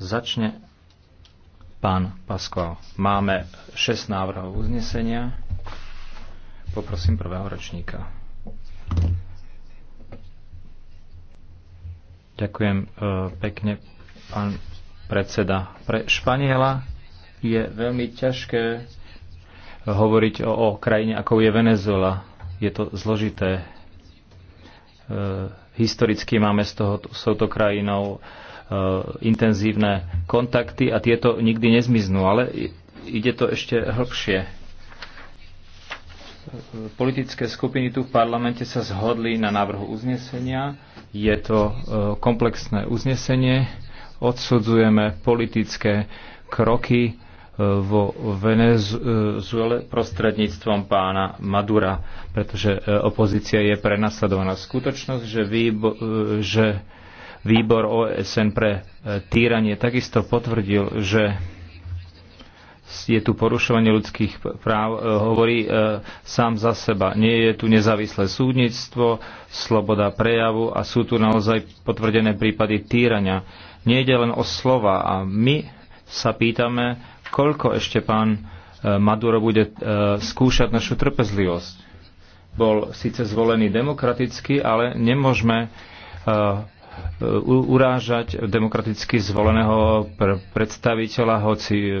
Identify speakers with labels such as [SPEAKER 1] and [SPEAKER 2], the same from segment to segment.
[SPEAKER 1] Začne pán Paskov. Máme 6 návrhov uznesenia. Poprosím prvého ročníka. Ďakujem e, pekne, pán predseda. Pre Španiela je veľmi ťažké hovoriť o, o krajine, ako je Venezuela. Je to zložité. E, historicky máme s, toho, touto krajinou Eh, intenzívne kontakty a tieto nikdy nezmiznú, ale ide to ešte hĺbšie. Politické skupiny tu v parlamente sa zhodli na návrhu uznesenia. Je to eh, komplexné uznesenie. Odsudzujeme politické kroky eh, vo Venezuele prostredníctvom pána Madura, pretože opozícia je prenasledovaná. Skutočnosť, že, vy, že Výbor OSN pre e, týranie takisto potvrdil, že je tu porušovanie ľudských práv, e, hovorí e, sám za seba. Nie je tu nezávislé súdnictvo, sloboda prejavu a sú tu naozaj potvrdené prípady týrania. Nie ide len o slova a my sa pýtame, koľko ešte pán e, Maduro bude e, skúšať našu trpezlivosť. Bol síce zvolený demokraticky, ale nemôžeme e, urážať demokraticky zvoleného predstaviteľa, hoci e,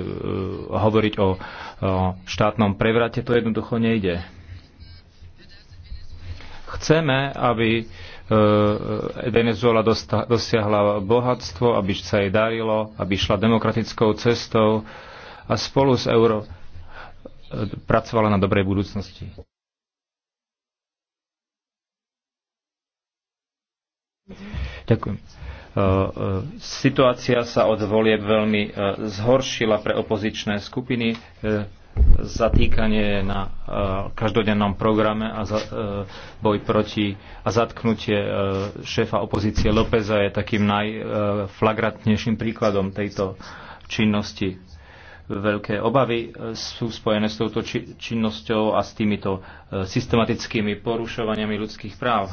[SPEAKER 1] hovoriť o štátnom prevrate, to jednoducho nejde. Chceme, aby e, Venezuela dosiahla bohatstvo, aby sa jej darilo, aby šla demokratickou cestou a spolu s euro e, pracovala na dobrej budúcnosti. Thank you. Ďakujem. E, e, situácia sa od volieb veľmi e, zhoršila pre opozičné skupiny. Zatýkanie na každodennom programe a boj proti a zatknutie šéfa opozície Lópeza je takým najflagrantnejším príkladom tejto činnosti veľké obavy sú spojené s touto činnosťou a s týmito systematickými porušovaniami ľudských práv.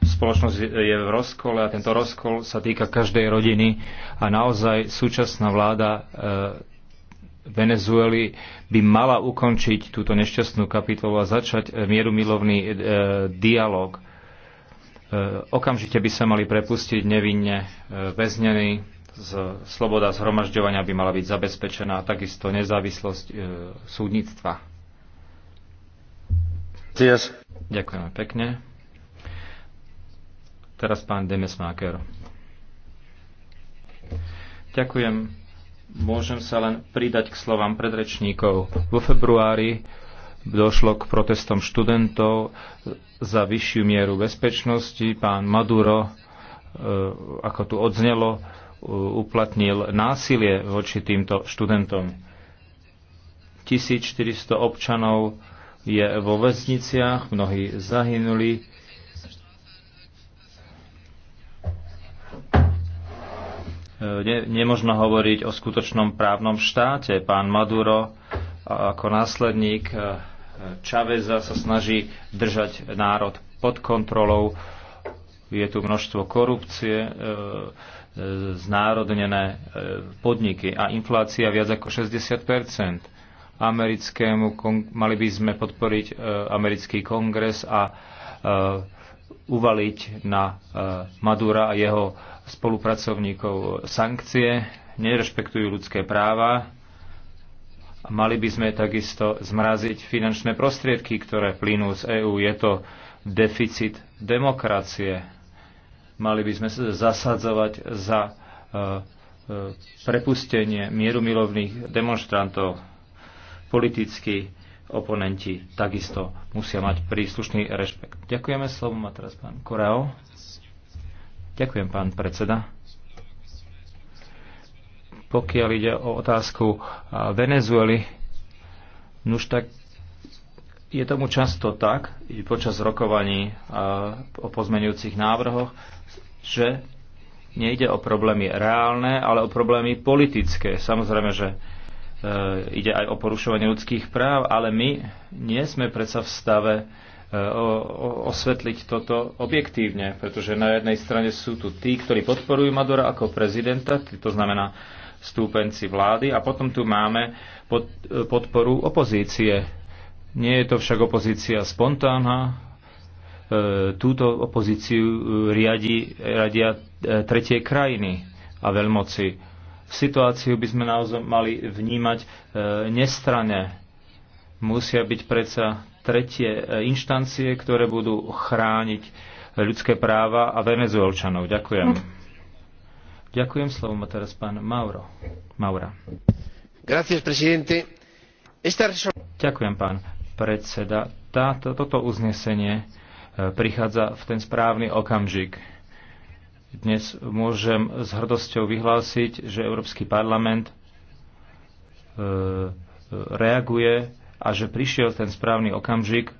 [SPEAKER 1] Spoločnosť je v rozkole a tento rozkol sa týka každej rodiny a naozaj súčasná vláda e, Venezuely by mala ukončiť túto nešťastnú kapitolu a začať e, mierumilovný e, dialog. Okamžite by sa mali prepustiť nevinne väznení, sloboda zhromažďovania by mala byť zabezpečená a takisto nezávislosť súdnictva. Ďakujem Ďakujeme pekne. Teraz pán Demesmáker. Ďakujem. Môžem sa len pridať k slovám predrečníkov. Vo februári došlo k protestom študentov za vyššiu mieru bezpečnosti. Pán Maduro, e, ako tu odznelo, e, uplatnil násilie voči týmto študentom. 1400 občanov je vo väzniciach, mnohí zahynuli, E, ne, nemožno hovoriť o skutočnom právnom štáte. Pán Maduro ako následník e, Čaveza sa snaží držať národ pod kontrolou. Je tu množstvo korupcie, e, znárodnené podniky a inflácia viac ako 60 americkému, mali by sme podporiť americký kongres a uvaliť na e, Madura a jeho spolupracovníkov sankcie, nerešpektujú ľudské práva. Mali by sme takisto zmraziť finančné prostriedky, ktoré plynú z EÚ. Je to deficit demokracie. Mali by sme sa zasadzovať za e, e, prepustenie mierumilovných demonstrantov politicky oponenti takisto musia mať príslušný rešpekt. Ďakujeme, slovo a teraz pán Koreo. Ďakujem, pán predseda. Pokiaľ ide o otázku Venezuely, nuž tak je tomu často tak, i počas rokovaní o pozmenujúcich návrhoch, že nejde o problémy reálne, ale o problémy politické. Samozrejme, že E, ide aj o porušovanie ľudských práv, ale my nie sme predsa v stave e, osvetliť toto objektívne, pretože na jednej strane sú tu tí, ktorí podporujú Madora ako prezidenta, to znamená stúpenci vlády, a potom tu máme pod, e, podporu opozície. Nie je to však opozícia spontánna, túto opozíciu riadi, radia tretie krajiny a veľmoci Situáciu by sme naozaj mali vnímať e, nestrane. Musia byť predsa tretie e, inštancie, ktoré budú chrániť ľudské práva a venezuelčanov. Ďakujem. Ďakujem, slovo má teraz pán Mauro. Maura. Gracias, presidente. Esta... Ďakujem, pán predseda. Táto, toto uznesenie e, prichádza v ten správny okamžik dnes môžem s hrdosťou vyhlásiť, že Európsky parlament e, e, reaguje a že prišiel ten správny okamžik e,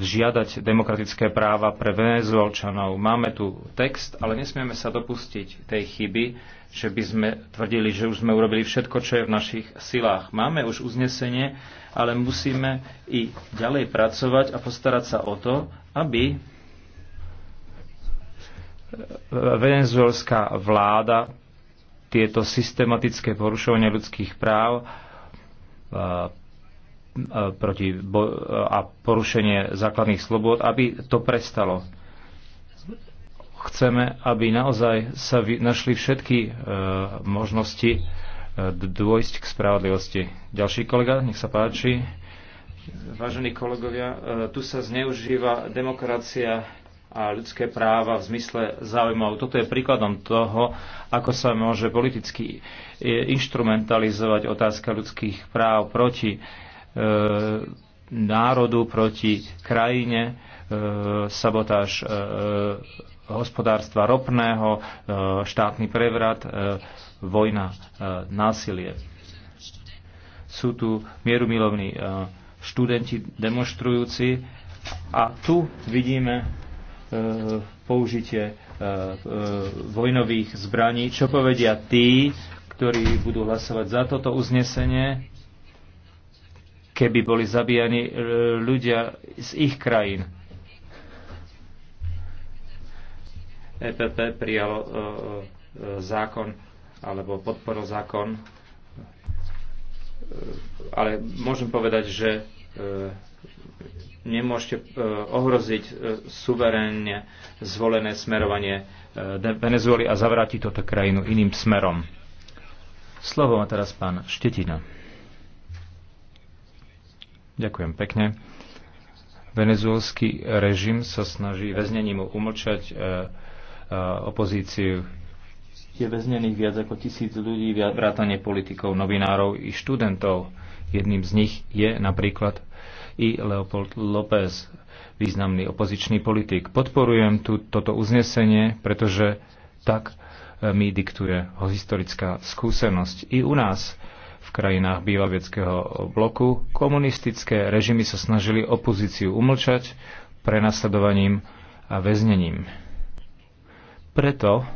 [SPEAKER 1] žiadať demokratické práva pre venezuelčanov. Máme tu text, ale nesmieme sa dopustiť tej chyby, že by sme tvrdili, že už sme urobili všetko, čo je v našich silách. Máme už uznesenie, ale musíme i ďalej pracovať a postarať sa o to, aby venezuelská vláda tieto systematické porušovania ľudských práv a, e, e, a porušenie základných slobod, aby to prestalo. Chceme, aby naozaj sa našli všetky e, možnosti dôjsť k spravodlivosti. Ďalší kolega, nech sa páči. Vážení kolegovia, e, tu sa zneužíva demokracia a ľudské práva v zmysle záujmov. Toto je príkladom toho, ako sa môže politicky e, instrumentalizovať otázka ľudských práv proti e, národu, proti krajine E, sabotáž e, e, hospodárstva ropného, štátny prevrat, vojna, násilie. Sú tu mierumilovní študenti demonstrujúci a tu vidíme použitie vojnových zbraní. Čo povedia tí, ktorí budú hlasovať za toto uznesenie, keby boli zabíjani ľudia z ich krajín? EPP prijalo e, e, zákon alebo podporil zákon, e, ale môžem povedať, že nemôžete ohroziť suverénne zvolené smerovanie Venezuely a zavrátiť túto krajinu iným smerom. Slovo má teraz pán Štetina. Ďakujem pekne. Venezuelský režim sa snaží väznením umlčať Eh, opozíciu. Je väznených viac ako tisíc ľudí, vrátane politikov, novinárov i študentov. Jedným z nich je napríklad i Leopold López, významný opozičný politik. Podporujem tu, toto uznesenie, pretože tak eh, mi diktuje ho historická skúsenosť. I u nás v krajinách bývaveckého bloku komunistické režimy sa snažili opozíciu umlčať prenasledovaním a väznením. Preto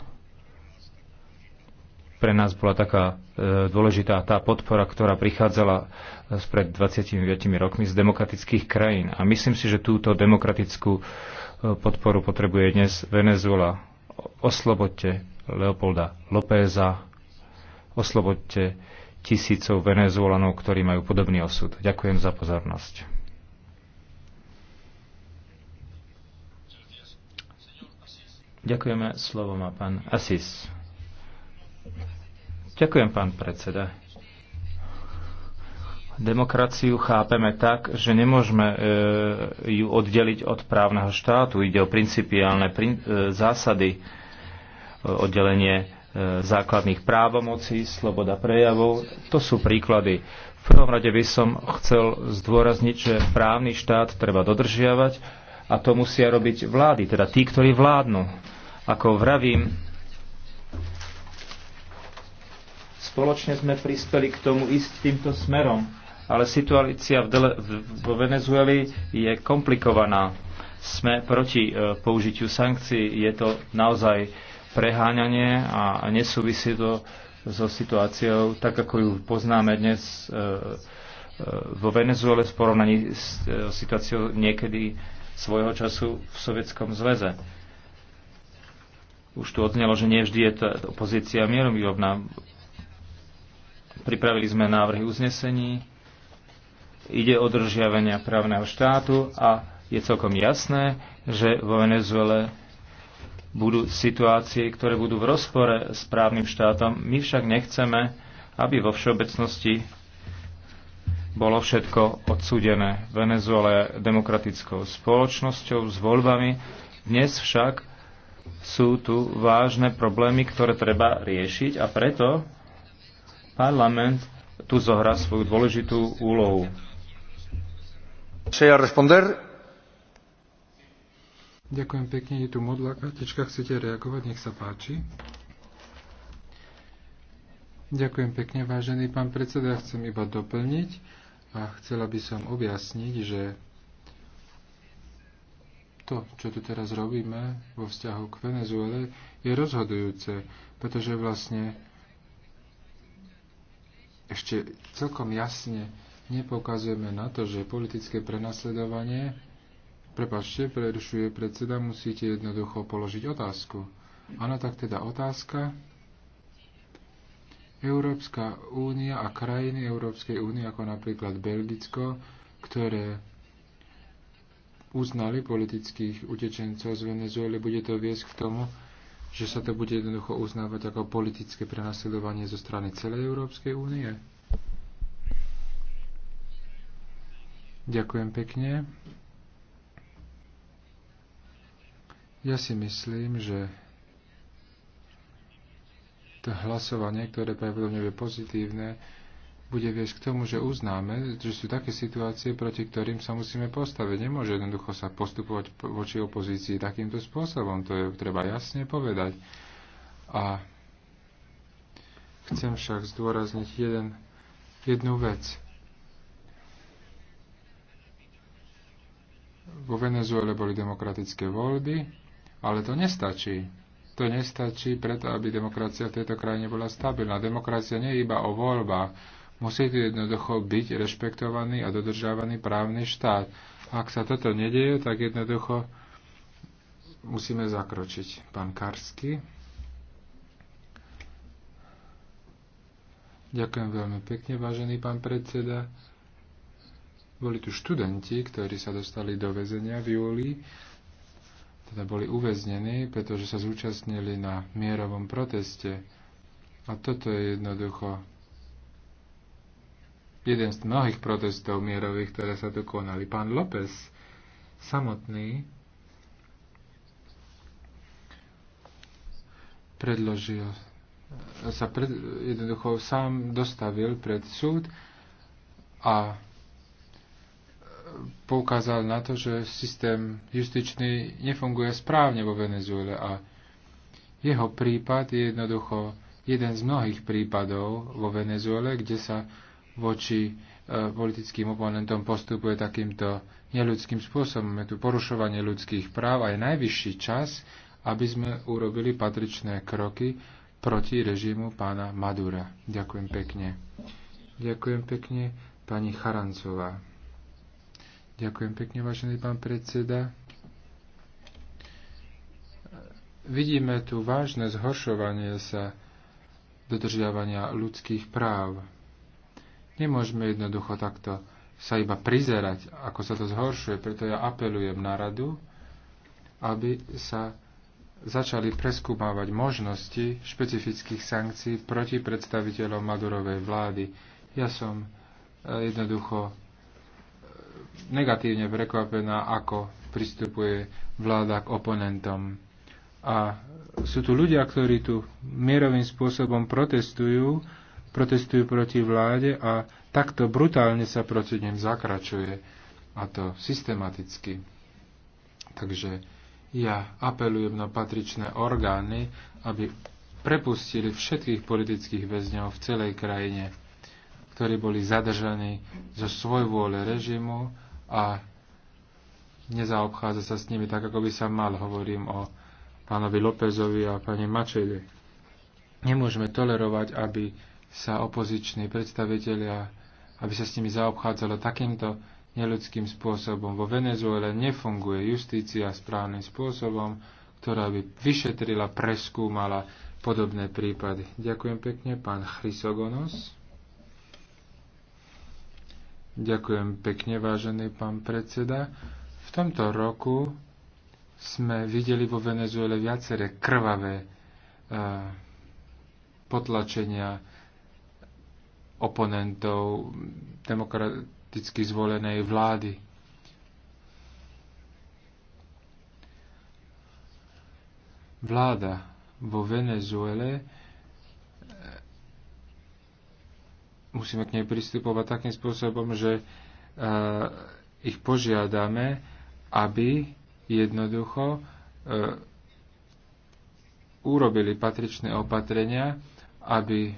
[SPEAKER 1] pre nás bola taká e, dôležitá tá podpora, ktorá prichádzala e, spred 25 rokmi z demokratických krajín. A myslím si, že túto demokratickú e, podporu potrebuje dnes Venezuela. Oslobodte Leopolda Lópeza, oslobodte tisícov Venezuelanov, ktorí majú podobný osud. Ďakujem za pozornosť. Ďakujeme. Slovo má pán Asis. Ďakujem, pán predseda. Demokraciu chápeme tak, že nemôžeme e, ju oddeliť od právneho štátu. Ide o principiálne prin, e, zásady, e, oddelenie e, základných právomocí, sloboda prejavov. To sú príklady. V prvom rade by som chcel zdôrazniť, že právny štát treba dodržiavať a to musia robiť vlády, teda tí, ktorí vládnu ako vravím, spoločne sme prispeli k tomu ísť týmto smerom, ale situácia v Dele- vo Venezueli je komplikovaná. Sme proti e, použitiu sankcií, je to naozaj preháňanie a nesúvisí to so situáciou, tak ako ju poznáme dnes e, e, vo Venezuele v porovnaní s e, situáciou niekedy svojho času v Sovietskom zväze už tu odznelo, že nie vždy je tá opozícia mierovýrobná. Pripravili sme návrhy uznesení, ide o držiavenia právneho štátu a je celkom jasné, že vo Venezuele budú situácie, ktoré budú v rozpore s právnym štátom. My však nechceme, aby vo všeobecnosti bolo všetko odsúdené. Venezuela je demokratickou spoločnosťou s voľbami. Dnes však sú tu vážne problémy, ktoré treba riešiť a preto parlament tu zohrá svoju dôležitú úlohu.
[SPEAKER 2] Ďakujem pekne, je tu modlá kartička, chcete reagovať, nech sa páči. Ďakujem pekne, vážený pán predseda, chcem iba doplniť a chcela by som objasniť, že to, čo tu teraz robíme vo vzťahu k Venezuele, je rozhodujúce, pretože vlastne ešte celkom jasne nepokazujeme na to, že politické prenasledovanie, prepačte, prerušuje predseda, musíte jednoducho položiť otázku. Áno, tak teda otázka. Európska únia a krajiny Európskej únie, ako napríklad Belgicko, ktoré uznali politických utečencov z Venezuely, bude to viesť k tomu, že sa to bude jednoducho uznávať ako politické prenasledovanie zo strany celej Európskej únie? Ďakujem pekne. Ja si myslím, že to hlasovanie, ktoré pravdepodobne je pozitívne, bude viesť k tomu, že uznáme, že sú také situácie, proti ktorým sa musíme postaviť. Nemôže jednoducho sa postupovať voči opozícii takýmto spôsobom. To je treba jasne povedať. A chcem však zdôrazniť jeden, jednu vec. Vo Venezuele boli demokratické voľby, ale to nestačí. To nestačí preto, aby demokracia v tejto krajine bola stabilná. Demokracia nie je iba o voľbách Musí tu jednoducho byť rešpektovaný a dodržávaný právny štát. Ak sa toto nedieje, tak jednoducho musíme zakročiť. Pán Karsky. Ďakujem veľmi pekne, vážený pán predseda. Boli tu študenti, ktorí sa dostali do väzenia v júli teda boli uväznení, pretože sa zúčastnili na mierovom proteste. A toto je jednoducho jeden z mnohých protestov mierových, ktoré sa tu konali. Pán López samotný predložil, sa pred, jednoducho sám dostavil pred súd a poukázal na to, že systém justičný nefunguje správne vo Venezuele a jeho prípad je jednoducho jeden z mnohých prípadov vo Venezuele, kde sa voči e, politickým oponentom postupuje takýmto neľudským spôsobom. Je tu porušovanie ľudských práv a je najvyšší čas, aby sme urobili patričné kroky proti režimu pána Madura. Ďakujem pekne. Ďakujem pekne pani Charancová. Ďakujem pekne, vážený pán predseda. Vidíme tu vážne zhoršovanie sa dodržiavania ľudských práv Nemôžeme jednoducho takto sa iba prizerať, ako sa to zhoršuje. Preto ja apelujem na radu, aby sa začali preskúmavať možnosti špecifických sankcií proti predstaviteľom Madurovej vlády. Ja som e, jednoducho e, negatívne prekvapená, ako pristupuje vláda k oponentom. A sú tu ľudia, ktorí tu mierovým spôsobom protestujú, protestujú proti vláde a takto brutálne sa proti nim zakračuje. A to systematicky. Takže ja apelujem na patričné orgány, aby prepustili všetkých politických väzňov v celej krajine, ktorí boli zadržaní zo svoj vôle režimu a nezaobchádza sa s nimi tak, ako by sa mal. Hovorím o pánovi Lópezovi a pani Mačeli. Nemôžeme tolerovať, aby sa opoziční predstavitelia, aby sa s nimi zaobchádzalo takýmto neludským spôsobom. Vo Venezuele nefunguje justícia správnym spôsobom, ktorá by vyšetrila, preskúmala podobné prípady. Ďakujem pekne, pán Chrysogonos. Ďakujem pekne, vážený pán predseda. V tomto roku sme videli vo Venezuele viaceré krvavé uh, potlačenia oponentov demokraticky zvolenej vlády. Vláda vo Venezuele e, musíme k nej pristupovať takým spôsobom, že e, ich požiadame, aby jednoducho e, urobili patričné opatrenia, aby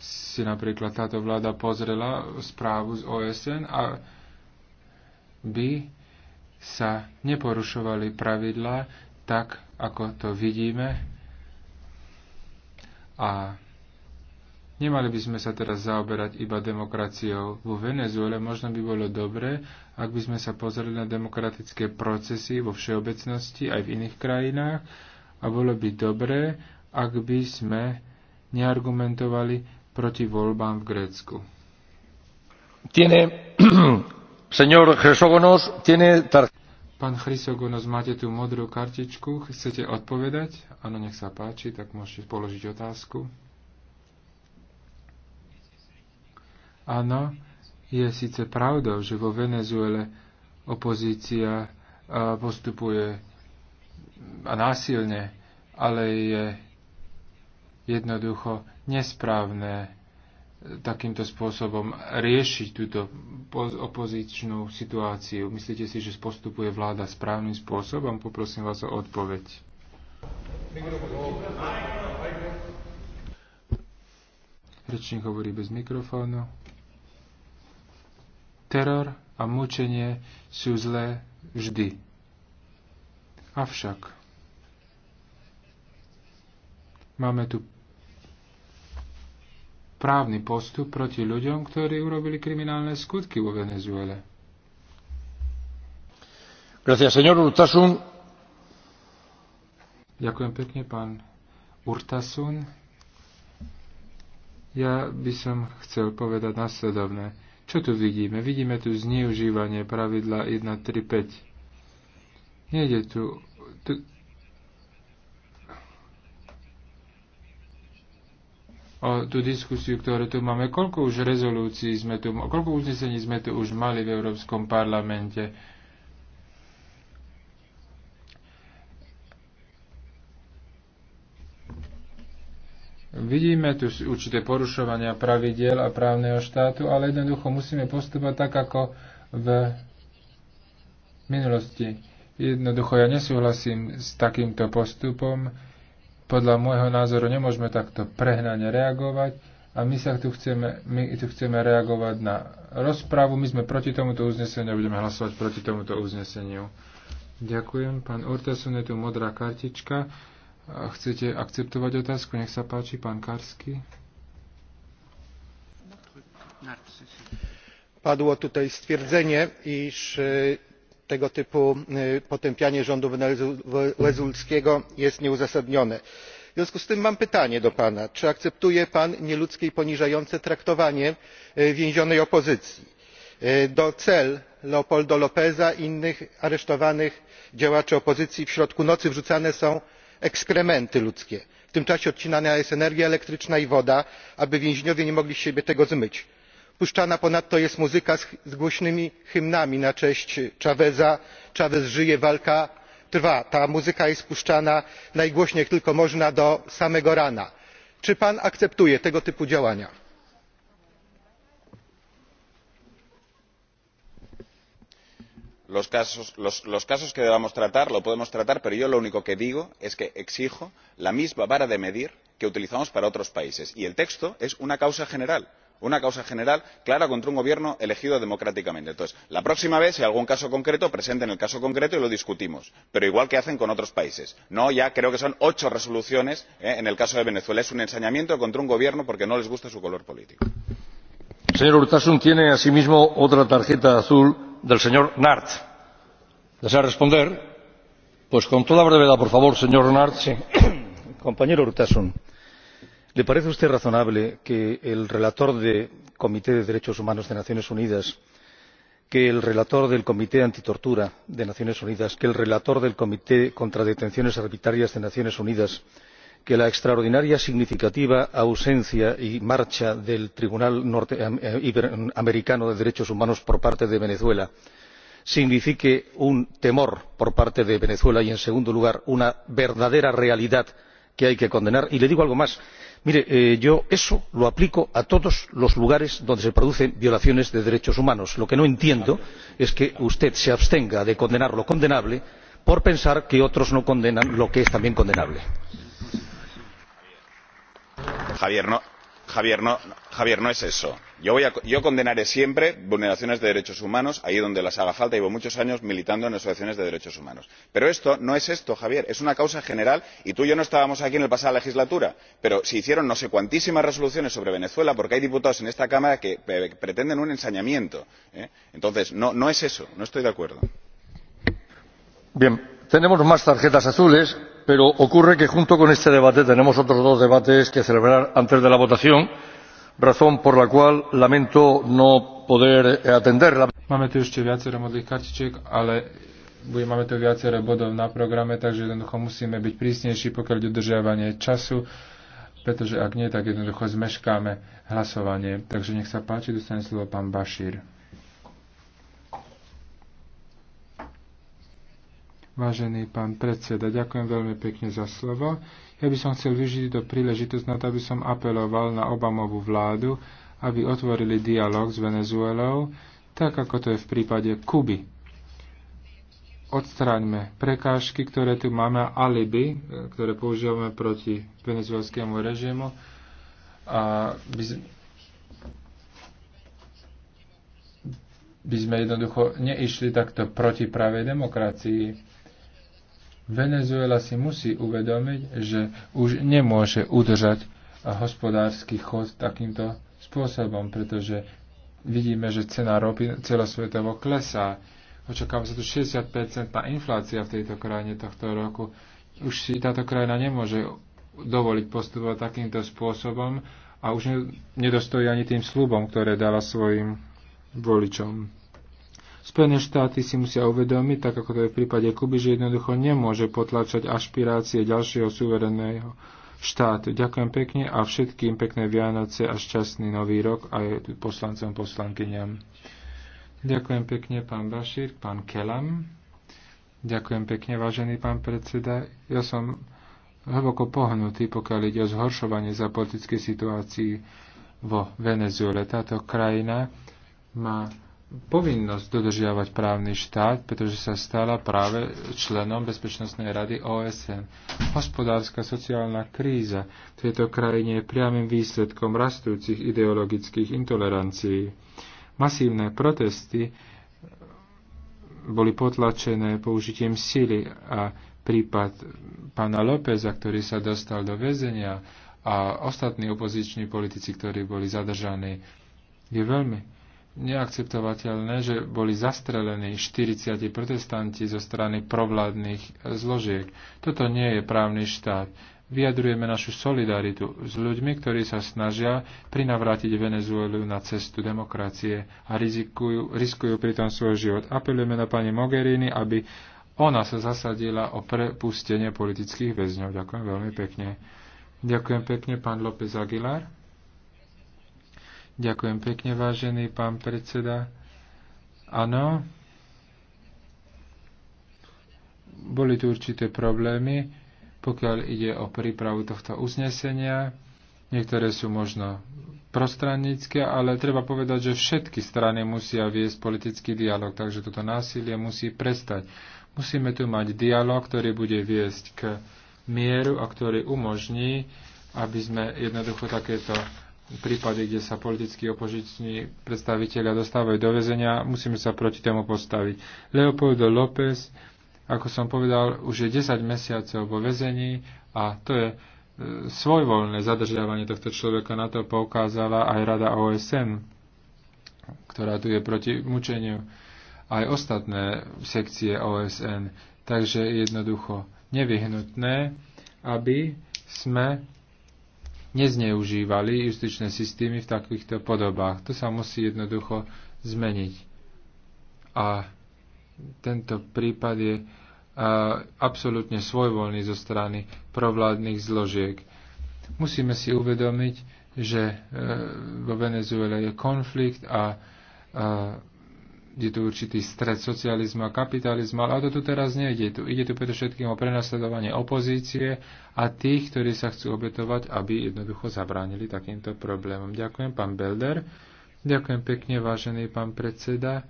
[SPEAKER 2] si napríklad táto vláda pozrela správu z OSN a by sa neporušovali pravidlá tak, ako to vidíme. A nemali by sme sa teraz zaoberať iba demokraciou vo Venezuele. Možno by bolo dobré, ak by sme sa pozreli na demokratické procesy vo všeobecnosti aj v iných krajinách. A bolo by dobré, ak by sme neargumentovali proti voľbám v Grécku. Tiene, señor Chrysogonos, tiene tar... Pán Chrysogonos, máte tu modrú kartičku, chcete odpovedať? Áno, nech sa páči, tak môžete položiť otázku. Áno, je síce pravdou, že vo Venezuele opozícia postupuje násilne, ale je jednoducho nesprávne e, takýmto spôsobom riešiť túto opozičnú situáciu? Myslíte si, že postupuje vláda správnym spôsobom? Poprosím vás o odpoveď. Rečník hovorí bez mikrofónu. Teror a mučenie sú zlé vždy. Avšak máme tu správny postup proti ľuďom, ktorí urobili kriminálne skutky vo Venezuele. Gracias, señor Urtasun. Ďakujem pekne, pán Urtasun. Ja by som chcel povedať nasledovné. Čo tu vidíme? Vidíme tu zneužívanie pravidla 1.3.5. Nejde tu, tu o tú diskusiu, ktorú tu máme. Koľko už rezolúcií sme tu, koľko uznesení sme tu už mali v Európskom parlamente? Vidíme tu určité porušovania pravidiel a právneho štátu, ale jednoducho musíme postupovať tak, ako v minulosti. Jednoducho ja nesúhlasím s takýmto postupom. Podľa môjho názoru nemôžeme takto prehnane reagovať a my sa tu chceme, my tu chceme reagovať na rozprávu. My sme proti tomuto uzneseniu a budeme hlasovať proti tomuto uzneseniu. Ďakujem. Pán Urtasun, je tu modrá kartička. Chcete akceptovať otázku? Nech sa páči, pán Karsky.
[SPEAKER 1] Padło tutaj stwierdzenie, iż e, tego typu potępianie rządu wenezuelskiego jest nieuzasadnione. w związku z tym mam pytanie do pana czy akceptuje pan nieludzkie i poniżające traktowanie więzionej opozycji do cel leopoldo lópeza i innych aresztowanych działaczy opozycji w środku nocy wrzucane są ekskrementy ludzkie w tym czasie odcinana jest energia elektryczna i woda aby więźniowie nie mogli z siebie tego zmyć puszczana ponadto jest muzyka z głośnymi hymnami na cześć chaveza chavez żyje walka trwa. ta muzyka jest puszczana najgłośniej jak tylko można do samego rana. czy pan akceptuje tego typu działania?
[SPEAKER 3] los casos que debamos tratar los podemos tratar pero yo lo único que digo es que exijo la misma vara de medir que utilizamos para otros países y el texto es una causa general una causa general clara contra un gobierno elegido democráticamente. entonces la próxima vez si hay algún caso concreto presenten el caso concreto y lo discutimos pero igual que hacen con otros países no ya creo que son ocho resoluciones ¿eh? en el caso de venezuela. es un ensañamiento contra un gobierno porque no les gusta su color político. señor urtasun tiene asimismo otra tarjeta azul del señor desea responder? pues con toda brevedad por favor señor compañero urtasun le parece a usted razonable que el relator de la comisión de derechos humanos de las naciones unidas que el relator del comité antitortura de las naciones unidas que el relator del comité contra detenciones arbitrarias de las naciones unidas que la extraordinaria y significativa ausencia y marcha del tribunal interamericano eh, eh, de derechos humanos por parte de venezuela signifique un temor por parte de venezuela y en segundo lugar una verdadera realidad que hay que condenar? y le digo algo más mire eh, yo eso lo aplico a todos los lugares donde se producen violaciones de derechos humanos. lo que no entiendo es que usted se abstenga de condenar lo condenable por pensar que otros no condenan lo que es también condenable. No. Javier no, Javier, no, es eso. Yo, condenaré siempre vulneraciones de derechos humanos ahí donde las haga falta. Llevo muchos años militando en asociaciones de derechos humanos. Pero esto no es esto, Javier. Es una causa general y tú y yo no estábamos aquí en la pasada legislatura. Pero se hicieron no sé cuantísimas resoluciones sobre Venezuela porque hay diputados en esta Cámara que eh, pretenden un ensañamiento. ¿eh? Entonces, no, no es eso. No estoy de acuerdo. Bien. Tenemos más tarjetas azules pero ocurre que junto con este debate tenemos otros dos debates que celebrar antes de la votación razón por la cual lamento no poder eh, atender.
[SPEAKER 2] Máme tu ešte viacero modlých kartičiek, ale máme tu viacero bodov na programe, takže jednoducho musíme byť prísnejší, pokiaľ ide dodržiavanie času, pretože ak nie, tak jednoducho zmeškáme hlasovanie. Takže nech sa páči, dostane slovo pán Bašír. Vážený pán predseda, ďakujem veľmi pekne za slovo. Ja by som chcel využiť do príležitosť na to, aby som apeloval na Obamovú vládu, aby otvorili dialog s Venezuelou, tak ako to je v prípade Kuby. Odstraňme prekážky, ktoré tu máme, alibi, e, ktoré používame proti venezuelskému režimu. A by, by sme jednoducho neišli takto proti pravej demokracii Venezuela si musí uvedomiť, že už nemôže udržať hospodársky chod takýmto spôsobom, pretože vidíme, že cena ropy celosvetovo klesá. Očakáva sa tu 60-percentná inflácia v tejto krajine tohto roku. Už si táto krajina nemôže dovoliť postupovať takýmto spôsobom a už nedostojí ani tým slubom, ktoré dala svojim voličom. Spojené štáty si musia uvedomiť, tak ako to je v prípade Kuby, že jednoducho nemôže potlačať ašpirácie ďalšieho suvereného štátu. Ďakujem pekne a všetkým pekné Vianoce a šťastný nový rok aj poslancom poslankyňam. Ďakujem pekne pán Bašír, pán Kelam. Ďakujem pekne, vážený pán predseda. Ja som hlboko pohnutý, pokiaľ ide o zhoršovanie za politické situácii vo Venezuele. Táto krajina má povinnosť dodržiavať právny štát, pretože sa stala práve členom Bezpečnostnej rady OSN. Hospodárska sociálna kríza v tejto krajine je priamým výsledkom rastúcich ideologických intolerancií. Masívne protesty boli potlačené použitím sily a prípad pána Lópeza, ktorý sa dostal do väzenia a ostatní opoziční politici, ktorí boli zadržaní, je veľmi neakceptovateľné, že boli zastrelení 40 protestanti zo strany provládnych zložiek. Toto nie je právny štát. Vyjadrujeme našu solidaritu s ľuďmi, ktorí sa snažia prinavrátiť Venezuelu na cestu demokracie a rizikujú, riskujú pritom svoj život. Apelujeme na pani Mogherini, aby ona sa zasadila o prepustenie politických väzňov. Ďakujem veľmi pekne. Ďakujem pekne, pán López Aguilar. Ďakujem pekne, vážený pán predseda. Áno, boli tu určité problémy, pokiaľ ide o prípravu tohto uznesenia. Niektoré sú možno prostrannícke, ale treba povedať, že všetky strany musia viesť politický dialog, takže toto násilie musí prestať. Musíme tu mať dialog, ktorý bude viesť k mieru a ktorý umožní, aby sme jednoducho takéto prípady, kde sa politickí opoziční predstavitelia dostávajú do väzenia, musíme sa proti tomu postaviť. Leopoldo López, ako som povedal, už je 10 mesiacov vo väzení a to je e, svojvoľné zadržiavanie tohto človeka. Na to poukázala aj Rada OSN, ktorá tu je proti mučeniu, aj ostatné sekcie OSN. Takže jednoducho nevyhnutné, aby sme nezneužívali justičné systémy v takýchto podobách. To sa musí jednoducho zmeniť. A tento prípad je a, absolútne svojvoľný zo strany provládnych zložiek. Musíme si uvedomiť, že e, vo Venezuele je konflikt a, a je tu určitý stred socializmu a kapitalizmu, ale o to tu teraz nejde. Tu. Ide tu predovšetkým o prenasledovanie opozície a tých, ktorí sa chcú obetovať, aby jednoducho zabránili takýmto problémom. Ďakujem, pán Belder. Ďakujem pekne, vážený pán predseda.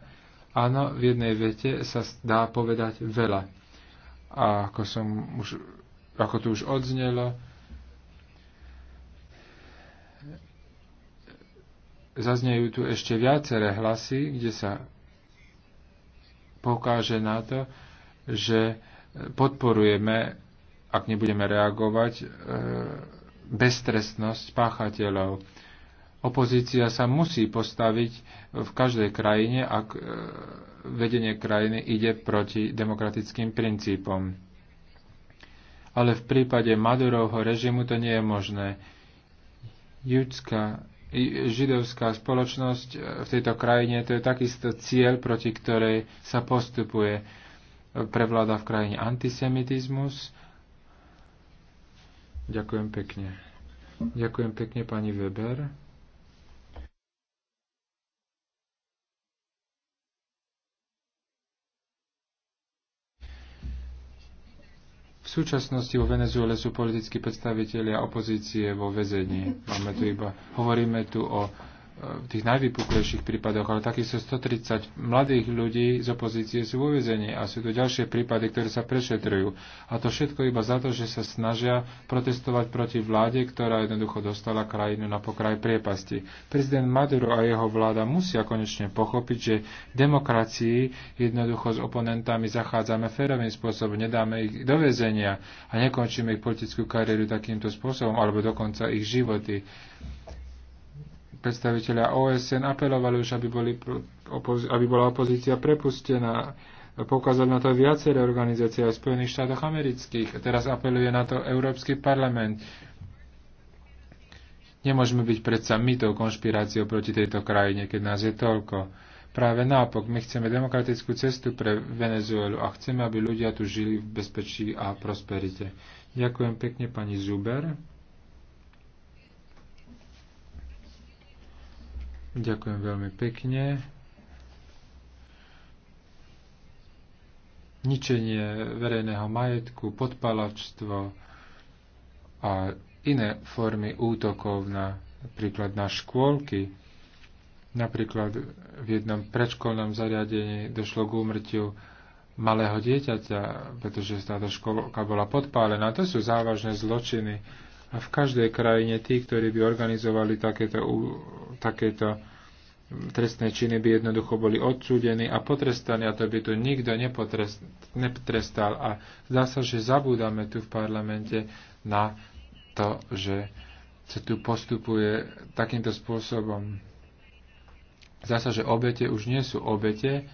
[SPEAKER 2] Áno, v jednej vete sa dá povedať veľa. A ako, som už, ako tu už odznelo, zaznejú tu ešte viaceré hlasy, kde sa poukáže na to, že podporujeme, ak nebudeme reagovať, e, beztrestnosť páchateľov. Opozícia sa musí postaviť v každej krajine, ak e, vedenie krajiny ide proti demokratickým princípom. Ale v prípade Madurovho režimu to nie je možné. Judská židovská spoločnosť e, v tejto krajine, to je takisto cieľ, proti ktorej sa postupuje. E, prevláda v krajine antisemitizmus. Ďakujem pekne. Ďakujem pekne, pani Weber. V súčasnosti vo Venezuele sú politickí predstavitelia opozície vo väzení. Máme tu iba, hovoríme tu o v tých najvypuklejších prípadoch, ale takisto 130 mladých ľudí z opozície sú vo vezení a sú to ďalšie prípady, ktoré sa prešetrujú. A to všetko iba za to, že sa snažia protestovať proti vláde, ktorá jednoducho dostala krajinu na pokraj priepasti. Prezident Maduro a jeho vláda musia konečne pochopiť, že demokracii jednoducho s oponentami zachádzame férovým spôsobom, nedáme ich do vezenia a nekončíme ich politickú kariéru takýmto spôsobom, alebo dokonca ich životy predstaviteľa OSN apelovali už, aby, boli, aby bola opozícia prepustená. Poukázali na to viaceré organizácie aj v Spojených štátoch amerických. Teraz apeluje na to Európsky parlament. Nemôžeme byť predsa my tou konšpiráciou proti tejto krajine, keď nás je toľko. Práve naopak, my chceme demokratickú cestu pre Venezuelu a chceme, aby ľudia tu žili v bezpečí a prosperite. Ďakujem pekne pani Zuber. Ďakujem veľmi pekne. Ničenie verejného majetku, podpalačstvo a iné formy útokov na napríklad na škôlky. Napríklad v jednom predškolnom zariadení došlo k úmrtiu malého dieťaťa, pretože táto školka bola podpálená. To sú závažné zločiny a v každej krajine tí, ktorí by organizovali takéto, takéto trestné činy, by jednoducho boli odsúdení a potrestaní a to by tu nikto nepotrest, nepotrestal. A zdá sa, že zabúdame tu v parlamente na to, že sa tu postupuje takýmto spôsobom. Zdá sa, že obete už nie sú obete,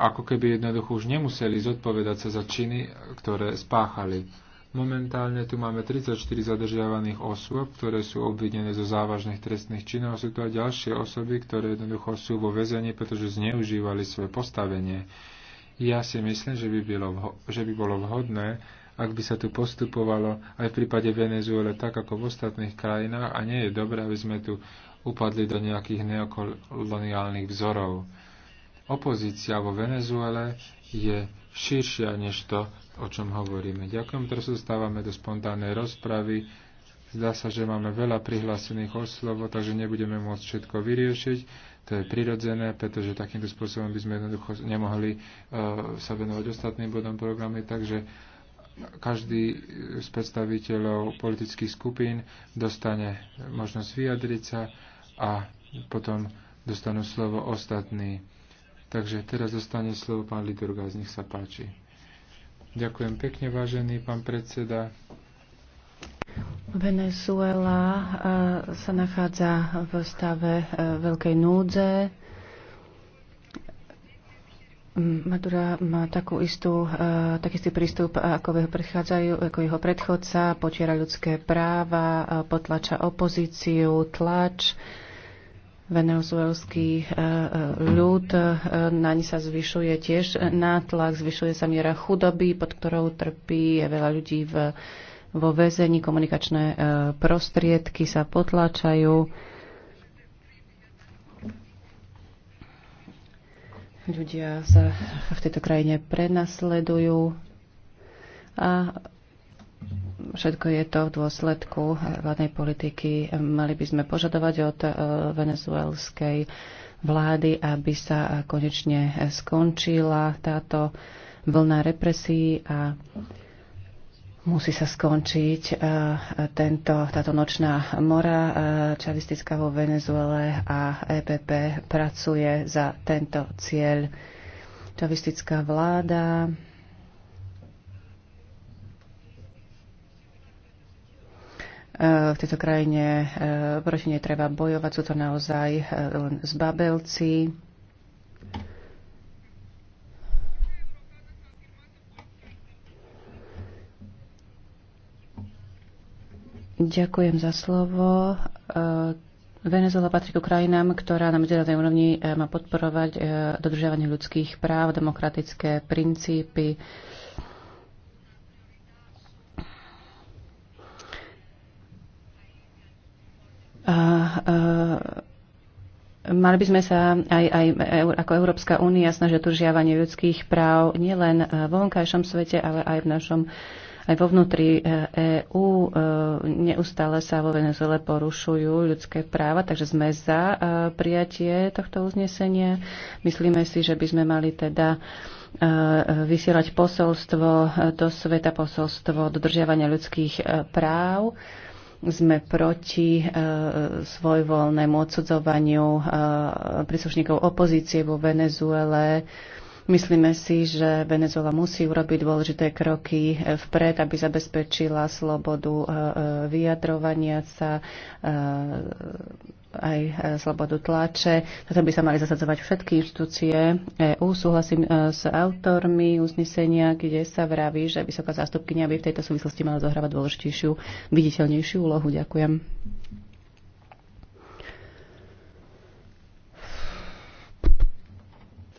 [SPEAKER 2] ako keby jednoducho už nemuseli zodpovedať sa za činy, ktoré spáchali. Momentálne tu máme 34 zadržiavaných osôb, ktoré sú obvinené zo závažných trestných činov. Sú tu aj ďalšie osoby, ktoré jednoducho sú vo väzení, pretože zneužívali svoje postavenie. Ja si myslím, že by, bylo, že by bolo vhodné, ak by sa tu postupovalo aj v prípade Venezuele tak ako v ostatných krajinách a nie je dobré, aby sme tu upadli do nejakých neokoloniálnych vzorov. Opozícia vo Venezuele je širšia než to, o čom hovoríme. Ďakujem, teraz zostávame do spontánnej rozpravy. Zdá sa, že máme veľa prihlásených oslovo, takže nebudeme môcť všetko vyriešiť. To je prirodzené, pretože takýmto spôsobom by sme jednoducho nemohli uh, sa venovať ostatným bodom programy, takže každý z predstaviteľov politických skupín dostane možnosť vyjadriť sa a potom dostanú slovo ostatní. Takže teraz zostane slovo pán z nich sa páči. Ďakujem pekne, vážený pán predseda.
[SPEAKER 4] Venezuela e, sa nachádza v stave e, veľkej núdze. Madura má takú istú, e, taký istý prístup ako jeho, predchádzajú, ako jeho predchodca, potiera ľudské práva, potlača opozíciu, tlač venezuelský e, e, ľud. E, na ní sa zvyšuje tiež nátlak, zvyšuje sa miera chudoby, pod ktorou trpí veľa ľudí v, vo väzení. Komunikačné prostriedky sa potláčajú. Ľudia sa v tejto krajine prenasledujú a Všetko je to v dôsledku vládnej politiky. Mali by sme požadovať od eh, venezuelskej vlády, aby sa konečne skončila táto vlna represí a musí sa skončiť eh, tento, táto nočná mora eh, čavistická vo Venezuele a EPP pracuje za tento cieľ. Čavistická vláda Eh, v tejto krajine eh, proti nej treba bojovať. Sú to naozaj eh, len zbabelci. Ďakujem za slovo. Venezuela patrí ku krajinám, ktorá na medzinárodnej úrovni má podporovať dodržiavanie ľudských práv, demokratické princípy E, mali by sme sa aj, aj ako Európska únia snažiť udržiavanie ľudských práv nielen e, vo vonkajšom svete, ale aj v našom aj vo vnútri EÚ e neustále sa vo Venezuele porušujú ľudské práva, takže sme za prijatie tohto uznesenia. Myslíme si, že by sme mali teda vysielať posolstvo do sveta, posolstvo dodržiavania ľudských práv sme proti e, svojvoľnému odsudzovaniu e, príslušníkov opozície vo Venezuele Myslíme si, že Venezuela musí urobiť dôležité kroky eh, vpred, aby zabezpečila slobodu eh, eh, vyjadrovania sa aj slobodu tlače. Toto by sa mali zasadzovať všetky inštitúcie EÚ. Súhlasím s autormi uznesenia, kde sa vraví, že vysoká zástupkynia by v tejto súvislosti mala zohrávať dôležitejšiu, viditeľnejšiu úlohu. Ďakujem.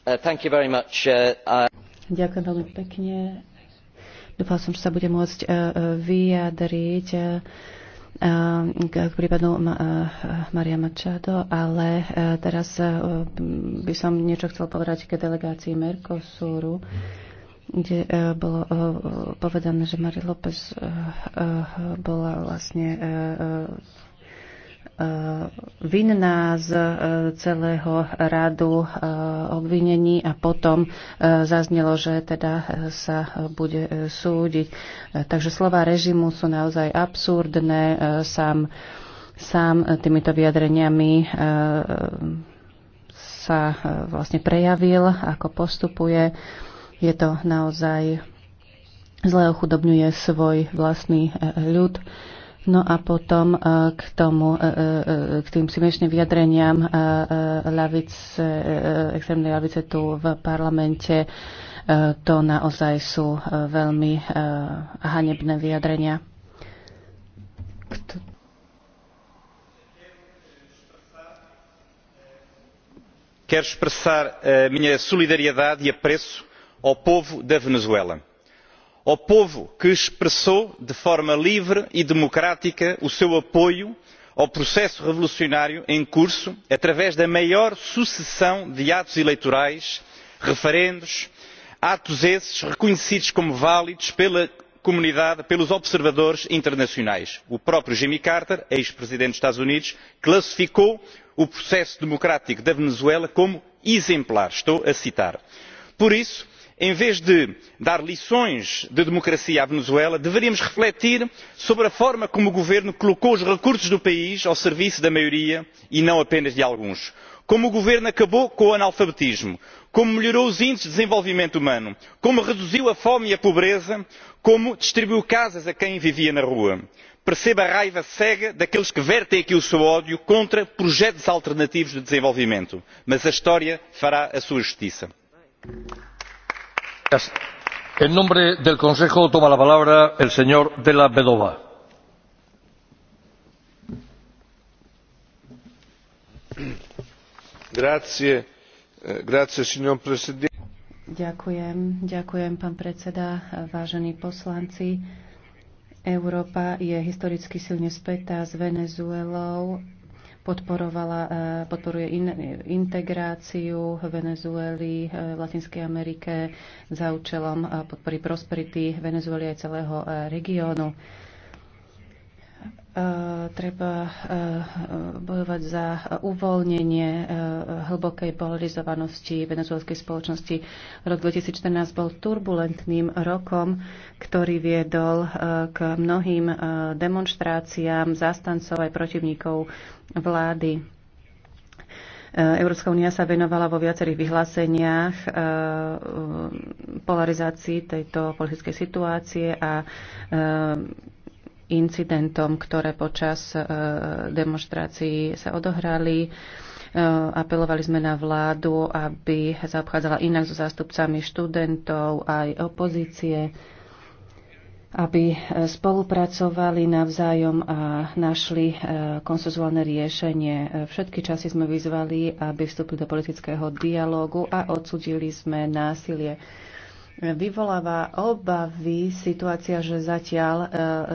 [SPEAKER 4] Uh, uh, uh, Ďakujem veľmi pekne. Dúfal som, že sa bude môcť vyjadriť k prípadu Maria Machado, ale teraz by som niečo chcel povedať ke delegácii Mercosuru, kde bolo povedané, že Mari López bola vlastne vinná z e, celého radu e, obvinení a potom e, zaznelo, že teda sa bude súdiť. Takže slova režimu sú naozaj absurdné. Sám, sám týmito vyjadreniami sa vlastne prejavil, ako postupuje. Je to naozaj zle ochudobňuje svoj vlastný ľud No a potom e, k tomu, e, e, k tým smiešným vyjadreniam lavice, extrémnej lavice tu v parlamente, to naozaj sú veľmi hanebné vyjadrenia.
[SPEAKER 3] Quero expressar a eh, minha solidariedade e apreço ao povo da Venezuela ao povo que expressou de forma livre e democrática o seu apoio ao processo revolucionário em curso através da maior sucessão de atos eleitorais referendos atos esses reconhecidos como válidos pela comunidade pelos observadores internacionais. o próprio jimmy carter ex presidente dos estados unidos classificou o processo democrático da venezuela como exemplar estou a citar. por isso em vez de dar lições de democracia à venezuela deveríamos refletir sobre a forma como o governo colocou os recursos do país ao serviço da maioria e não apenas de alguns como o governo acabou com o analfabetismo como melhorou os índices de desenvolvimento humano como reduziu a fome e a pobreza como distribuiu casas a quem vivia na rua. perceba a raiva cega daqueles que vertem aqui o seu ódio contra projetos alternativos de desenvolvimento mas a história fará a sua justiça en nombre del consejo toma la palabra el señor della vedova.
[SPEAKER 2] Eh,
[SPEAKER 4] ďakujem, pán predseda, vážení poslanci. Európa je historicky silne spätá s Venezuelou podporovala, e, podporuje in, integráciu Venezuely e, v Latinskej Amerike za účelom e, podpory prosperity Venezuely aj celého regiónu. E, treba e, bojovať za uvoľnenie e, hlbokej polarizovanosti venezuelskej spoločnosti. Rok 2014 bol turbulentným rokom, ktorý viedol k mnohým demonstráciám zastancov aj protivníkov vlády. Európska únia sa venovala vo viacerých vyhláseniach polarizácii tejto politickej situácie a incidentom, ktoré počas e, demonstrácií sa odohrali. E, apelovali sme na vládu, aby zaobchádzala inak so zástupcami študentov aj opozície, aby e, spolupracovali navzájom a našli konsenzuálne riešenie. Všetky časy sme vyzvali, aby vstúpili do politického dialógu a odsudili sme násilie Vyvoláva obavy situácia, že zatiaľ e,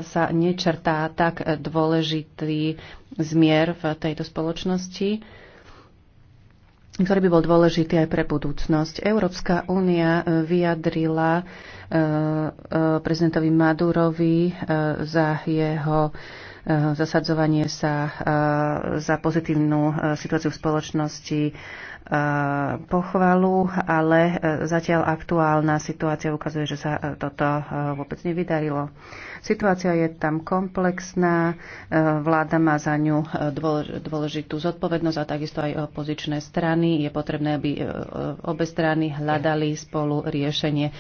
[SPEAKER 4] sa nečrtá tak dôležitý zmier v tejto spoločnosti, ktorý by bol dôležitý aj pre budúcnosť. Európska únia e, vyjadrila e, prezidentovi Madurovi za jeho Eh, zasadzovanie sa eh, za pozitívnu eh, situáciu v spoločnosti pochvalu, ale zatiaľ aktuálna situácia ukazuje, že sa toto vôbec nevydarilo. Situácia je tam komplexná, vláda má za ňu dôležitú zodpovednosť a takisto aj opozičné strany. Je potrebné, aby obe strany hľadali spolu riešenie.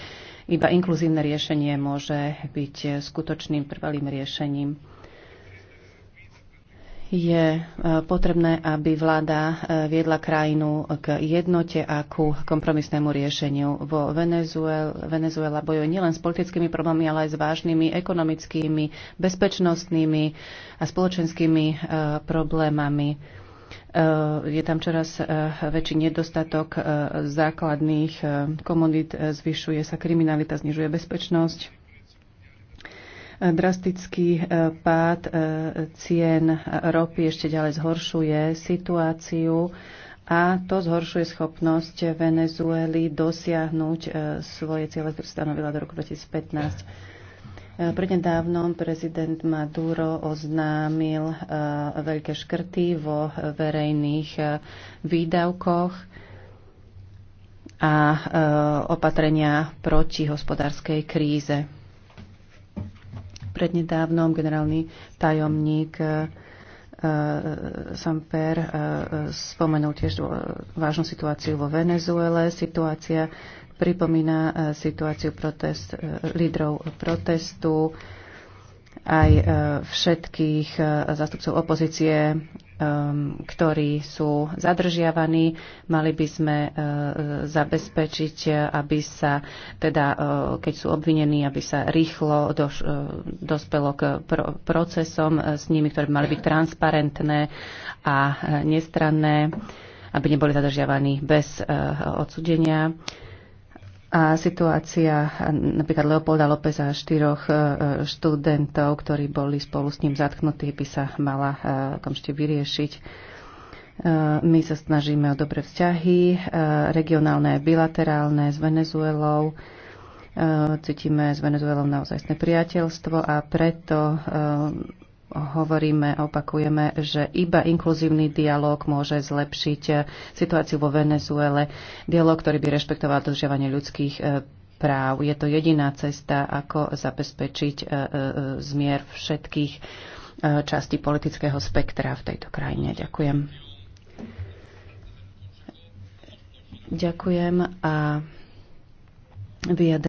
[SPEAKER 4] Iba inkluzívne riešenie môže byť skutočným trvalým riešením je e, potrebné, aby vláda e, viedla krajinu k jednote a ku kompromisnému riešeniu. Vo Venezuel, Venezuela bojuje nielen s politickými problémami, ale aj s vážnymi ekonomickými, bezpečnostnými a spoločenskými e, problémami. Je tam čoraz väčší nedostatok základných komodít, zvyšuje sa kriminalita, znižuje bezpečnosť Drastický e, pád e, cien ropy ešte ďalej zhoršuje situáciu a to zhoršuje schopnosť Venezuely dosiahnuť e, svoje ciele, ktoré stanovila do roku 2015. Prednedávnom prezident Maduro oznámil veľké škrty vo verejných výdavkoch a opatrenia proti hospodárskej kríze. Prednedávnom generálny tajomník e, e, Samper e, spomenul tiež vážnu situáciu vo Venezuele. Situácia pripomína situáciu protest, lídrov protestu aj všetkých zástupcov opozície Um, ktorí sú zadržiavaní. Mali by sme uh, zabezpečiť, aby sa teda, uh, keď sú obvinení, aby sa rýchlo doš, uh, dospelo k procesom s nimi, ktoré by mali byť transparentné a nestranné, aby neboli zadržiavaní bez odsudenia. A situácia napríklad Leopolda Lópeza a štyroch e, e, študentov, ktorí boli spolu s ním zatknutí, by sa mala e, komšte vyriešiť. My sa snažíme o dobré vzťahy, regionálne a bilaterálne s Venezuelou. Cítime s Venezuelou naozaj priateľstvo a preto hovoríme, opakujeme, že iba inkluzívny dialog môže zlepšiť eh, situáciu vo Venezuele. Dialog, ktorý by rešpektoval dodržiavanie ľudských eh, práv. Je to jediná cesta, ako zabezpečiť eh, zmier všetkých častí politického spektra v tejto krajine. Ďakujem. Ďakujem a vyjadrujem.